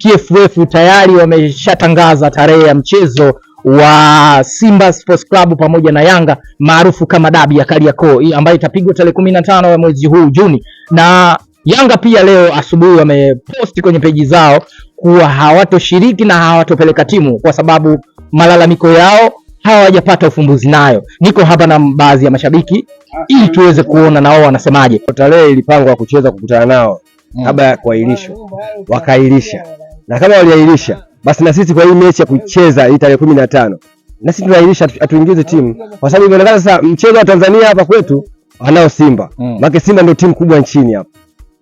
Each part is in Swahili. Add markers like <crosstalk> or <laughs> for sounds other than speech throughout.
TFF tayari wameshatangaza tarehe ya mchezo wa Simba Sports Club pamoja na Yanga maarufu kama dabi ya Kariakoo ambayo itapigwa tarehe kumi na tano ya mwezi huu Juni. Na Yanga pia leo asubuhi wameposti kwenye peji zao kuwa hawatoshiriki na hawatopeleka timu kwa sababu malalamiko yao hawajapata ufumbuzi nayo. Niko hapa na baadhi ya mashabiki ili tuweze kuona na wao wanasemaje. Tarehe ilipangwa kucheza kukutana nao mm. kabla ya kuahirishwa, wakaahirisha, na kama waliahirisha, basi na sisi kwa hii mechi ya kucheza hii tarehe kumi na tano na sisi tunaahirisha, hatuingize timu kwa sababu inaonekana sasa mchezo wa Tanzania hapa kwetu wanao Simba, mm. maana Simba ndio timu kubwa nchini hapa.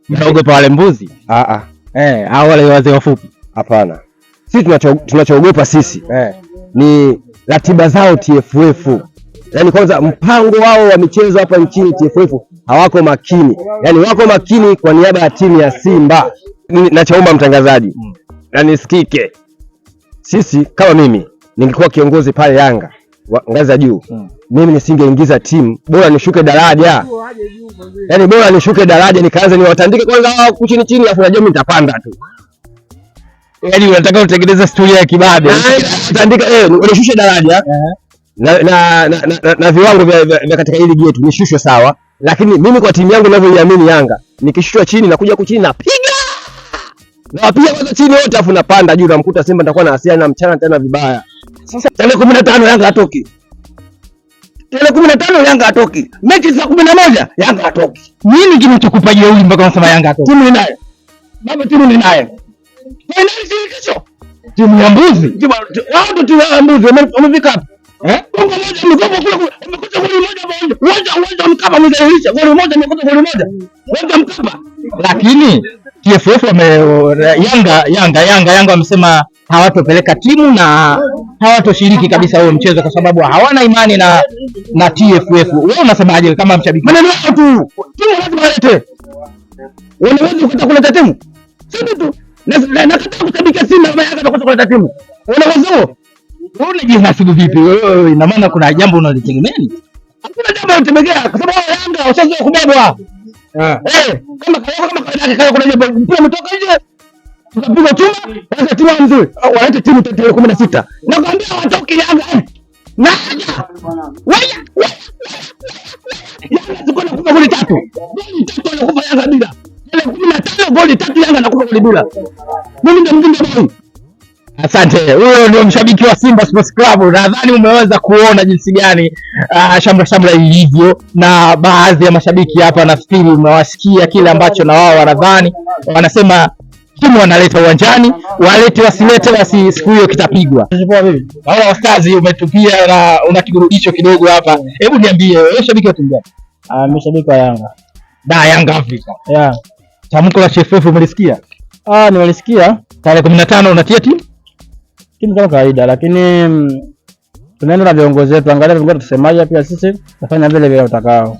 Mtaogopa wale mbuzi? Ah ah, eh, au wale wazee wafupi? Hapana, sisi tunachoogopa sisi eh, ni ratiba zao TFF. Yani kwanza mpango wao wa michezo hapa nchini TFF hawako makini, yani wako makini kwa niaba ya timu ya Simba. Nachoomba mtangazaji mm. na nisikike, sisi kama mimi ningekuwa kiongozi pale Yanga ngazi ya juu hmm. Mimi nisingeingiza timu, bora nishuke daraja, yani bora nishuke daraja nikaanze niwatandike kwanza chini chini, afu najua mimi nitapanda tu yani unataka utengeneze storia ya kibabe, utaandika eh, unashusha daraja eh. na na, na, na, na viwango vya, vya katika hili yetu nishushwe, sawa, lakini mimi kwa timu yangu ninavyoiamini Yanga, nikishushwa chini nakuja kuchini napiga nawapiga kwanza chini wote, afu napanda juu, namkuta Simba nitakuwa na hasira na mchana tena vibaya. Sasa tarehe kumi na tano Yanga hatoki, tarehe kumi na tano Yanga hatoki, mechi za kumi na moja Yanga hatoki. Nini kinachokupa jeuri mpaka unasema Yanga hatoki? Timu ninayo baba, timu ninayo Timu ya mbuzi. timu ya mbuzi. Wamefika hapa. Eh? Lakini TFF wame Yanga Yanga Yanga Yanga wamesema hawatopeleka timu na hawatoshiriki kabisa huo mchezo kwa sababu hawana imani na na TFF. Wewe unasemaje kama mshabiki? Maneno yao tu. Timu lazima kuleta timu. tu. Nakataa kushabiki Simba kama Yanga atakosa kuleta timu. Unawaza Wewe unajihasibu vipi? Wewe ina maana kuna jambo unalitegemea? Hakuna jambo unalitegemea kwa sababu Yanga washazoea kubebwa. Yanga. ziko na kufa goli tatu. Goli tatu Yanga bila kumi na tano goli tatu Yanga nakupa goli Mimi ndo mjinga boy. Asante. Huyo ndio mshabiki wa Simba Sports Club. Nadhani umeweza kuona jinsi gani uh, shamra shamra ilivyo, na baadhi ya mashabiki hapa, nafikiri umewasikia kile ambacho na wao wanadhani, wanasema timu wanaleta uwanjani, walete wasilete, basi siku hiyo kitapigwa. Naona wastazi umetupia na una kiburudisho kidogo hapa, hebu niambie wewe shabiki wa timu gani? Ah, mimi shabiki wa Yanga. Da, Yanga Afrika. Yeah. Tamko la TFF umelisikia? Ah, nimelisikia. Tarehe 15 unatia timu. Timu kama kawaida, lakini mm, tunaenda na viongozi wetu, angalia viongozi tusemaje, pia sisi tafanya vile vile utakao.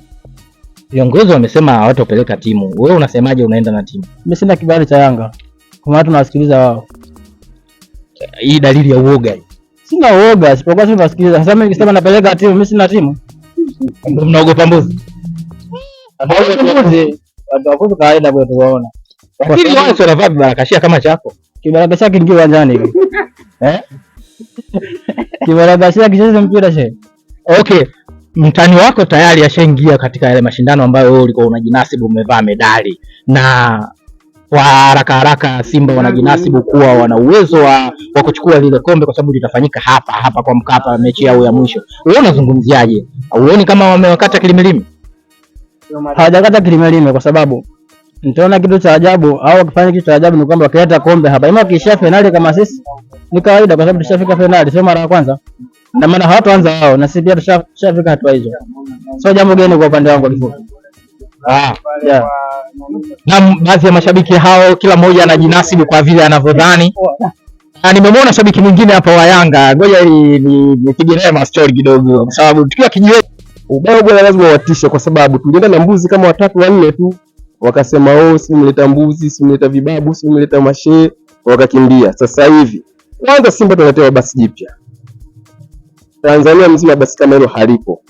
Viongozi wamesema hawatapeleka timu. Wewe unasemaje unaenda na timu? Mimi sina kibali cha Yanga. Kwa maana tunawasikiliza wao. Hii dalili ya uoga. Sina uoga, sipokuwa sisi tunasikiliza. Sasa mimi nikisema napeleka timu, mimi sina timu. Ndio mnaogopa mbuzi. Mbuzi watu kawaida kwetu lakini wao wanavaa kibarakashia kama chako kibarakashia kingi uwanjani <laughs> eh, kibarakashia mpira Okay, mtani wako tayari ashaingia katika yale mashindano ambayo wewe ulikuwa unajinasibu umevaa medali, na kwa haraka haraka Simba wanajinasibu kuwa wana uwezo wa, wa kuchukua lile kombe kwa sababu litafanyika hapa hapa kwa Mkapa, mechi yao ya mwisho. Wewe unazungumziaje? Huoni kama wamewakata kilimilimi? hawajakata kilima lime, kwa sababu nitaona kitu cha ajabu au wakifanya kitu cha ajabu ni kwamba wakileta kombe hapa, ima wakiishia fainali kama sisi ni kawaida, kwa sababu tushafika fainali, sio mara ya kwanza, na maana hawatoanza wao na sisi pia tushafika hatua hizo, sio jambo geni kwa upande wangu kifupi. Ah, yeah. Na baadhi ya mashabiki hao kila mmoja anajinasibu kwa vile anavyodhani. Ah, nimemwona shabiki mwingine hapa wa Yanga, ngoja nipige naye mastori kidogo, kwa sababu tukiwa kijiwe ubaya bwana lazima watishe, kwa sababu tulienda na mbuzi kama watatu wanne tu, wakasema oh, si mleta mbuzi, si mleta vibabu, si mleta mashee, wakakimbia. Sasa hivi kwanza Simba tunaletewa basi jipya Tanzania mzima, basi kama hilo halipo,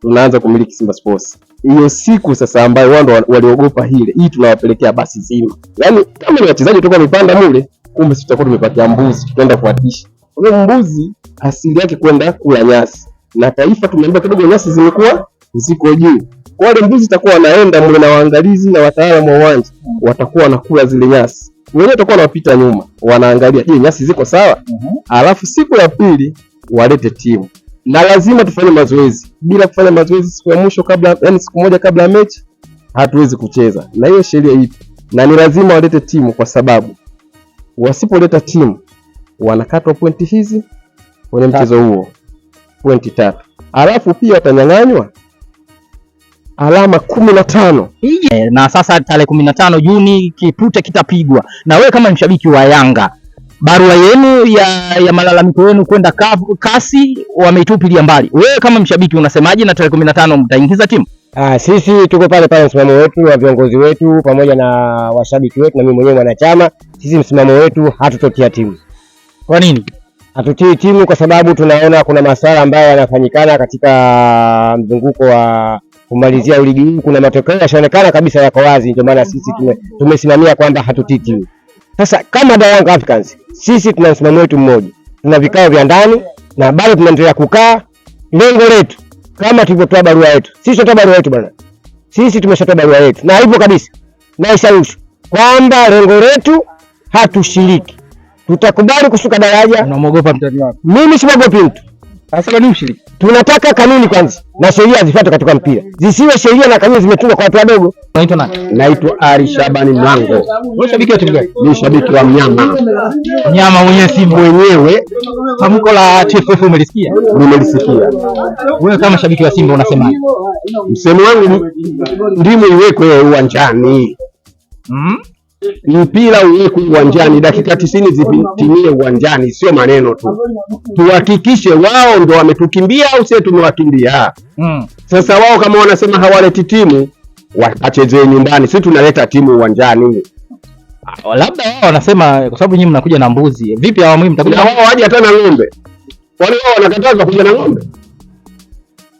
tunaanza kumiliki Simba Sports. Hiyo siku sasa ambayo wao waliogopa hile hii, tunawapelekea basi zima, yaani kama ni wachezaji toka mipanda mule, kumbe sisi tutakuwa tumepatia mbuzi, tutaenda kuwatisha. Kwa mbuzi asili yake kwenda kula nyasi na taifa tumeambia kidogo nyasi zimekuwa ziko juu. Wale mbuzi zitakuwa wanaenda mle na waangalizi na wataalamu wa uwanja watakuwa wanakula zile nyasi, wenyewe watakuwa wanapita nyuma wanaangalia, je, nyasi ziko sawa? mm -hmm. Alafu siku ya pili walete timu na lazima tufanye mazoezi. Bila kufanya mazoezi siku ya mwisho kabla, yani siku moja kabla ya mechi hatuwezi kucheza, na hiyo sheria ipo, na ni lazima walete timu, kwa sababu wasipoleta timu wanakatwa pointi hizi kwenye mchezo huo pointi tatu, alafu pia watanyanganywa alama kumi na tano eh, na sasa tarehe kumi na tano Juni kipute kitapigwa. Na wewe kama mshabiki wa Yanga, barua yenu ya, ya malalamiko yenu kwenda kasi wameitupilia mbali. Wewe kama mshabiki unasemaje? na tarehe kumi na tano mtaingiza timu? Ah, sisi tuko pale pale, msimamo wetu wa viongozi wetu pamoja na washabiki wetu na mimi mwenyewe mwanachama, sisi msimamo wetu hatutotia timu. Kwa nini? hatutii timu kwa sababu tunaona kuna masuala ambayo yanafanyikana katika mzunguko wa kumalizia ligi hii. Kuna matokeo yashaonekana kabisa, yako wazi, ndio maana sisi tume, tumesimamia kwamba hatutii timu. Sasa kama Dar Young Africans sisi tuna msimamo wetu mmoja, tuna vikao vya ndani na bado tunaendelea kukaa. Lengo letu kama tulivyotoa barua yetu, sisi tunatoa barua yetu bwana, sisi tumeshatoa barua yetu na hivyo kabisa naishausha kwamba lengo letu hatushiriki mtakubali kushuka daraja? Unamwogopa mtani wako? Mimi simwogopi mtu. Sasa bado mshiriki. Tunataka kanuni kwanza na sheria zifuatwe katika mpira, zisiwe sheria na kanuni zimetungwa kwa watu wadogo. Naitwa nani? Naitwa Ali Shabani Mlango. Wewe shabiki wa timu gani? Mimi shabiki wa mnyama. Mnyama mwenye Simba wenyewe. Tamko la TFF umelisikia? Nimelisikia. Wewe kama shabiki wa Simba unasemaje? Msemo wangu ndimu iwekwe uwanjani. Mm? mpira uweku uwanjani, dakika tisini zitimie uwanjani, sio maneno tu. Tuhakikishe wao ndo wametukimbia au sie tumewakimbia? Mm. Sasa wao kama wanasema hawaleti timu, wakachezee nyumbani, si tunaleta timu uwanjani. Ah, labda wao wanasema kwa sababu nyinyi mnakuja na mbuzi, vipi hawa mimi mtakuja na wao waje hata na ng'ombe? Wale wao wanakatazwa kuja na ng'ombe?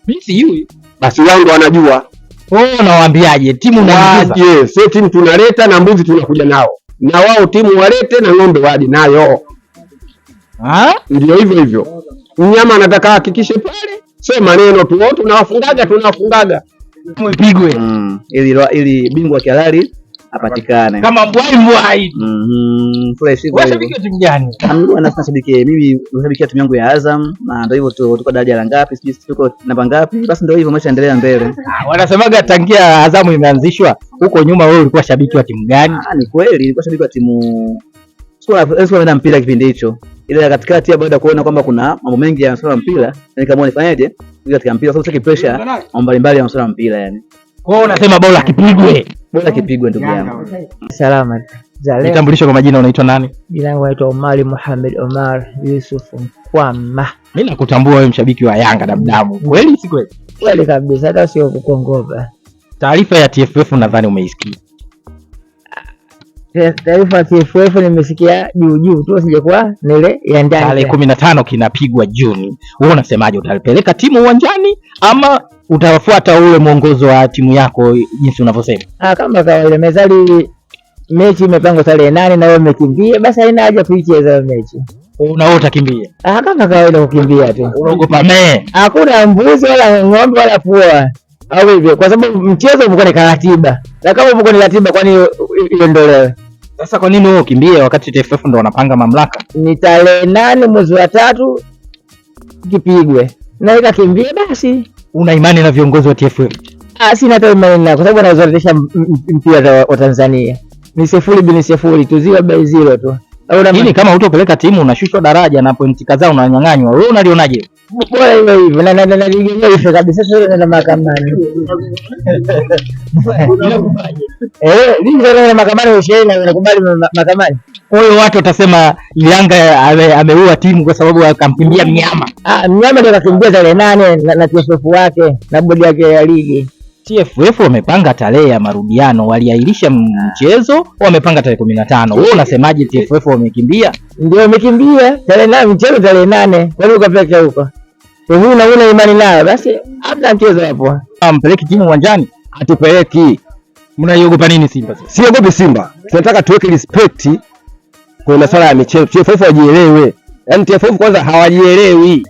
Mimi sijui, basi wao ndo wanajua wewe unawaambiaje timu unaingiza? Sio timu tunaleta na mbuzi tunakuja nao, na wao timu walete na ng'ombe waje nayo, ndio hivyo hivyo. Mnyama anataka hakikishe pale, sio maneno tu, tunawafungaga tunawafungaga, mpigwe mm. ili, ili bingwa kihalali apatikane kama bwai bwai. Mhm, gani mimi, nashabikia timu yangu ya Azam, na ndio hivyo tu, tuko daraja la ngapi, sijui tuko namba ngapi, basi ndio hivyo, maisha endelea mbele. Ah, wanasemaga tangia Azam imeanzishwa, huko nyuma wewe ulikuwa shabiki wa timu gani? Ah, Ni kweli nilikuwa shabiki wa timu eda mpira kipindi hicho, ila katikati baada ya kuona kwamba kuna mambo mengi ya masuala ya mpira, nikaamua nifanyeje katika mpira, sababu pressure mbalimbali ya masuala ya mpira yani. Kwa hiyo unasema bora kipigwe Bora kipigwe ndugu yangu. Salama. Nitambulisho kwa majina unaitwa nani? Jina langu naitwa Omari Mohamed Omar Yusuf Mkwama. Mimi nakutambua wewe mshabiki wa Yanga damdamu, Kweli si kweli? Kweli kabisa hata sio kukongoba. Taarifa ya TFF nadhani umeisikia taarifa ya TFF nimesikia juu juu tu, sijakuwa nile ya ndani. Tarehe kumi na tano kinapigwa Juni, wewe unasemaje? Utalipeleka timu uwanjani ama utafuata ule mwongozo wa timu yako jinsi unavyosema? Ah, kama kawaida mezali, mechi imepangwa tarehe nane na wewe umekimbia, basi haina haja kuicheza mechi. wewe utakimbia? Ah, kama kawaida kukimbia tu. Unaogopa me? Hakuna mbuzi wala ng'ombe wala pua au hivyo, kwa sababu mchezo umekuwa ni karatiba na kama upo kwenye ratiba, kwani iondolewe? Sasa kwa nini wewe ukimbie wakati TFF ndo wanapanga mamlaka? Ni tarehe nane mwezi wa tatu kipigwe na ikakimbie basi. Una imani na viongozi wa TFF? Ah, sina hata imani nao, kwa sababu anazorejesha mpira wa Tanzania ni sifuri bini sifuri tu, ziwa bei zero tu. Au kama hutopeleka timu unashushwa daraja na pointi kadhaa unanyang'anywa. Wewe unalionaje? bora iwe hivyo na najigemea hivyo kabisa, sio nenda mahakamani. Nenda <laughs> eh, mahakamani, ushahidi na nakubali mahakamani. Kwa hiyo watu watasema Yanga ameua timu kwa sababu akamkimbia mnyama. Ah, mnyama ndio akakimbia tarehe nane na TFF wake na bodi yake ya ligi. TFF wamepanga tarehe ya marudiano, waliahirisha mchezo, wamepanga tarehe kumi na tano. Wewe unasemaje? TFF wamekimbia, ndio wamekimbia tarehe nane, mchezo tarehe nane, kwani ukapeke huko? huna huna imani nayo, basi hamna mchezo hapo. Ampeleki ah, timu uwanjani, hatupeleki. Mnaiogopa nini Simba sasa? Siogopi Simba, tunataka tuweke respect kwa masuala ya michezo. TFF wajielewe, yaani TFF kwanza hawajielewi.